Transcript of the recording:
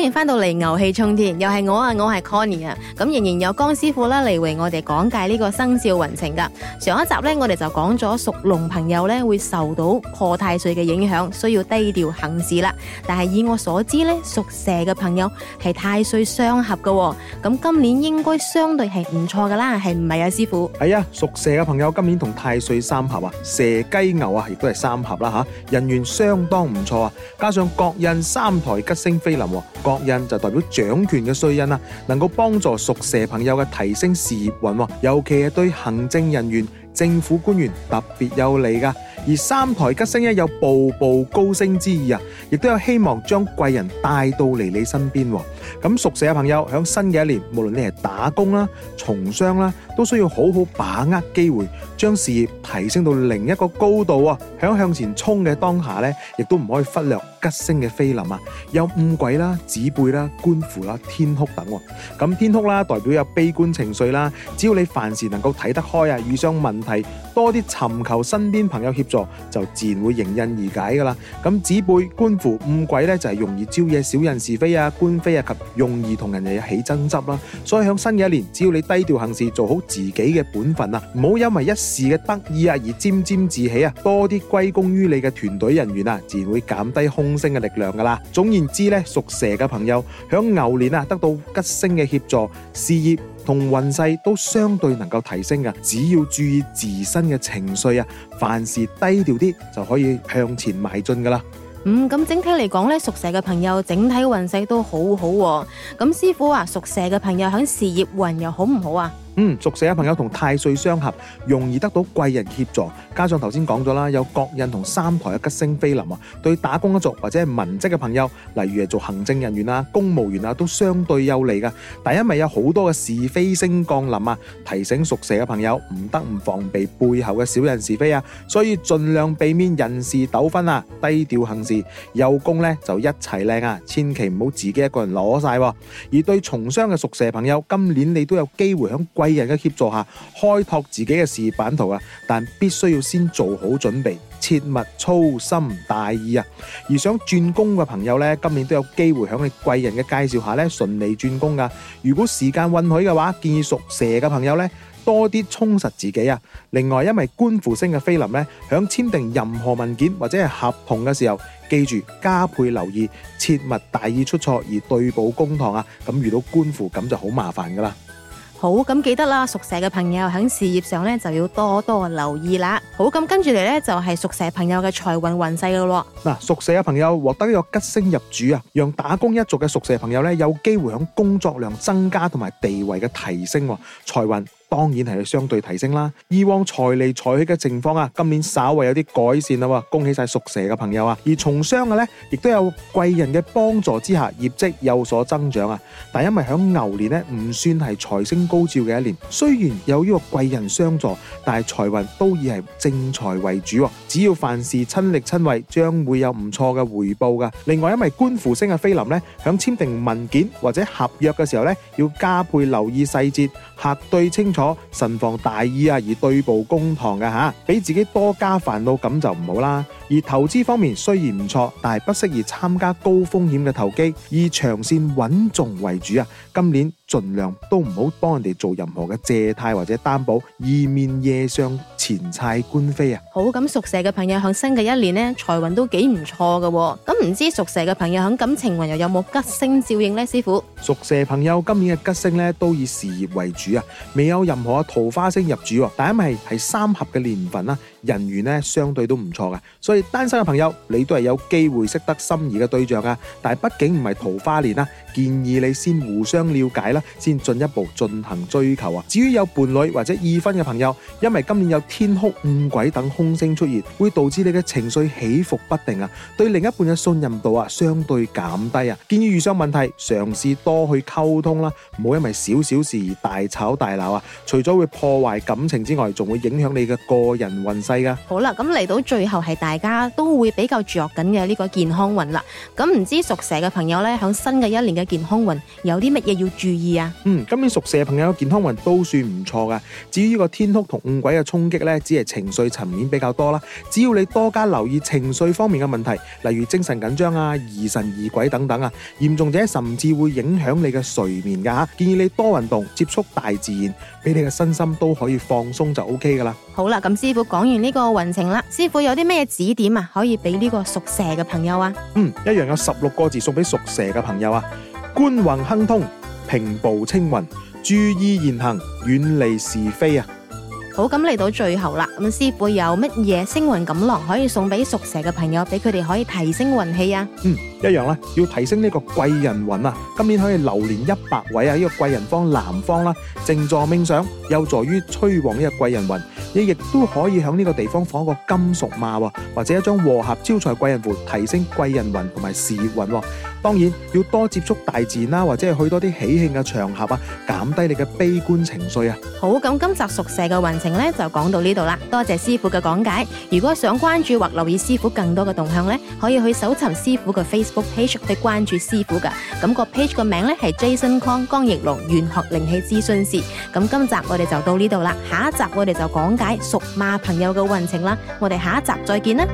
歡迎翻到嚟，牛氣沖天，又係我啊！我係 Conny 啊，咁仍然有江師傅啦，嚟為我哋講解呢個生肖運程噶。上一集咧，我哋就講咗屬龍朋友咧會受到破太歲嘅影響，需要低調行事啦。但係以我所知咧，屬蛇嘅朋友係太歲相合噶，咁今年應該相對係唔錯噶啦，係唔係啊，師傅？係啊，屬蛇嘅朋友今年同太歲三合啊，蛇雞牛啊，亦都係三合啦吓，人緣相當唔錯啊，加上國印三台吉星飛臨。國印就代表掌權嘅瑞印啦，能夠幫助屬蛇朋友嘅提升事業運，尤其係對行政人員、政府官員特別有利噶。而三台吉星咧有步步高升之意啊，亦都有希望將貴人帶到嚟你身邊。咁屬蛇嘅朋友喺新嘅一年，無論你係打工啦、從商啦，都需要好好把握機會，將事業提升到另一個高度啊！響向前衝嘅當下咧，亦都唔可以忽略。吉星嘅飛臨啊，有五鬼啦、子背啦、官符啦、天哭等喎、啊。咁天哭啦，代表有悲觀情緒啦。只要你凡事能夠睇得開啊，遇上問題多啲尋求身邊朋友協助，就自然會迎刃而解噶啦。咁、嗯、子背、官符、五鬼咧，就係、是、容易招惹小人是非啊、官非啊，及容易同人哋起爭執啦。所以響新嘅一年，只要你低調行事，做好自己嘅本分啊，唔好因為一時嘅得意啊而沾沾自喜啊，多啲歸功於你嘅團隊人員啊，自然會減低空。升嘅力量噶啦，總言之咧，屬蛇嘅朋友響牛年啊，得到吉星嘅協助，事業同運勢都相對能夠提升噶，只要注意自身嘅情緒啊，凡事低調啲就可以向前邁進噶啦。嗯，咁整體嚟講咧，屬蛇嘅朋友整體運勢都好好。咁師傅話，屬蛇嘅朋友響事業運又好唔好啊？嗯，屬蛇嘅朋友同太歲相合，容易得到貴人協助。加上頭先講咗啦，有國印同三台嘅吉星飛臨啊，對打工一族或者係文職嘅朋友，例如係做行政人員啊、公務員啊，都相對有利噶。但因為有好多嘅是非星降臨啊，提醒屬蛇嘅朋友唔得唔防備背後嘅小人是非啊，所以盡量避免人事糾紛啊，低調行事。有功咧就一齊靚啊，千祈唔好自己一個人攞晒啊。而對從商嘅屬蛇朋友，今年你都有機會響貴。人嘅協助下開拓自己嘅事業版圖啊，但必須要先做好準備，切勿粗心大意啊！而想轉工嘅朋友呢，今年都有機會喺你貴人嘅介紹下呢，順利轉工噶。如果時間允許嘅話，建議屬蛇嘅朋友呢，多啲充實自己啊。另外，因為官符星嘅飛臨呢，響簽訂任何文件或者係合同嘅時候，記住加倍留意，切勿大意出錯而對簿公堂啊！咁遇到官符咁就好麻煩噶啦。好，咁記得啦，屬蛇嘅朋友喺事業上咧就要多多留意啦。好，咁跟住嚟，咧就係屬蛇朋友嘅財運運勢咯。嗱，屬蛇嘅朋友獲得一個吉星入主啊，讓打工一族嘅屬蛇朋友咧，有機會喺工作量增加同埋地位嘅提升，財運。當然係相對提升啦，以往財利財氣嘅情況啊，今年稍為有啲改善啦、啊、喎，恭喜晒屬蛇嘅朋友啊！而從商嘅、啊、呢，亦都有貴人嘅幫助之下，業績有所增長啊！但因為響牛年呢，唔算係財星高照嘅一年，雖然有呢個貴人相助，但係財運都以係正財為主、啊。只要凡事親力親為，將會有唔錯嘅回報噶、啊。另外，因為官符星嘅飛臨呢，響簽訂文件或者合約嘅時候呢，要加倍留意細節，核對清楚。慎防大意啊，而對簿公堂嘅吓，俾自己多加煩惱，咁就唔好啦。而投資方面雖然唔錯，但係不適宜參加高風險嘅投機，以長線穩重為主啊。今年盡量都唔好幫人哋做任何嘅借貸或者擔保，以免夜上。前菜官非啊！好。咁，屬蛇嘅朋友響新嘅一年呢，財運都幾唔錯嘅。咁唔知屬蛇嘅朋友響感情運又有冇吉星照應呢？師傅，屬蛇朋友今年嘅吉星呢，都以事業為主啊，未有任何桃花星入主啊。但係因為係三合嘅年份啦，啊？人緣呢相對都唔錯噶，所以單身嘅朋友你都係有機會識得心儀嘅對象噶，但係畢竟唔係桃花年啦，建議你先互相了解啦，先進一步進行追求啊。至於有伴侶或者已婚嘅朋友，因為今年有天哭、五鬼等凶星出現，會導致你嘅情緒起伏不定啊，對另一半嘅信任度啊相對減低啊，建議遇上問題嘗試多去溝通啦，唔好因為少少事而大吵大鬧啊，除咗會破壞感情之外，仲會影響你嘅個人運。好啦，咁嚟到最後係大家都會比較着緊嘅呢個健康運啦。咁唔知屬蛇嘅朋友呢，響新嘅一年嘅健康運有啲乜嘢要注意啊？嗯，今年屬蛇朋友嘅健康運都算唔錯噶。至於呢個天哭同五鬼嘅衝擊呢，只係情緒層面比較多啦。只要你多加留意情緒方面嘅問題，例如精神緊張啊、疑神疑鬼等等啊，嚴重者甚至會影響你嘅睡眠噶吓、啊。建議你多運動，接觸大自然，俾你嘅身心都可以放鬆就 OK 噶啦。好啦，咁師傅講完呢個運程啦，師傅有啲咩指點啊？可以俾呢個屬蛇嘅朋友啊？嗯，一樣有十六個字送俾屬蛇嘅朋友啊：官運亨通，平步青雲，注意言行，遠離是非啊！好，咁嚟到最後啦，咁師傅有乜嘢星運錦囊，可以送俾屬蛇嘅朋友，俾佢哋可以提升運氣啊？嗯，一樣啦，要提升呢個貴人運啊！今年可以流年一百位啊，呢個貴人方南方啦，靜坐冥想有助於催旺呢個貴人運，你亦都可以響呢個地方放一個金屬馬，或者一張和合招財貴人符，提升貴人運同埋事業運。當然要多接觸大自然啦，或者去多啲喜慶嘅場合啊，減低你嘅悲觀情緒啊。好，咁今集屬蛇嘅運程咧就講到呢度啦。多謝師傅嘅講解。如果想關注或留意師傅更多嘅動向咧，可以去搜尋師傅嘅 Facebook page 或者關注師傅噶。咁個 page 個名咧係 Jason Kong 江奕龍玄學靈氣諮詢師。咁今集我哋就到呢度啦。下一集我哋就講解屬馬朋友嘅運程啦。我哋下一集再見啦。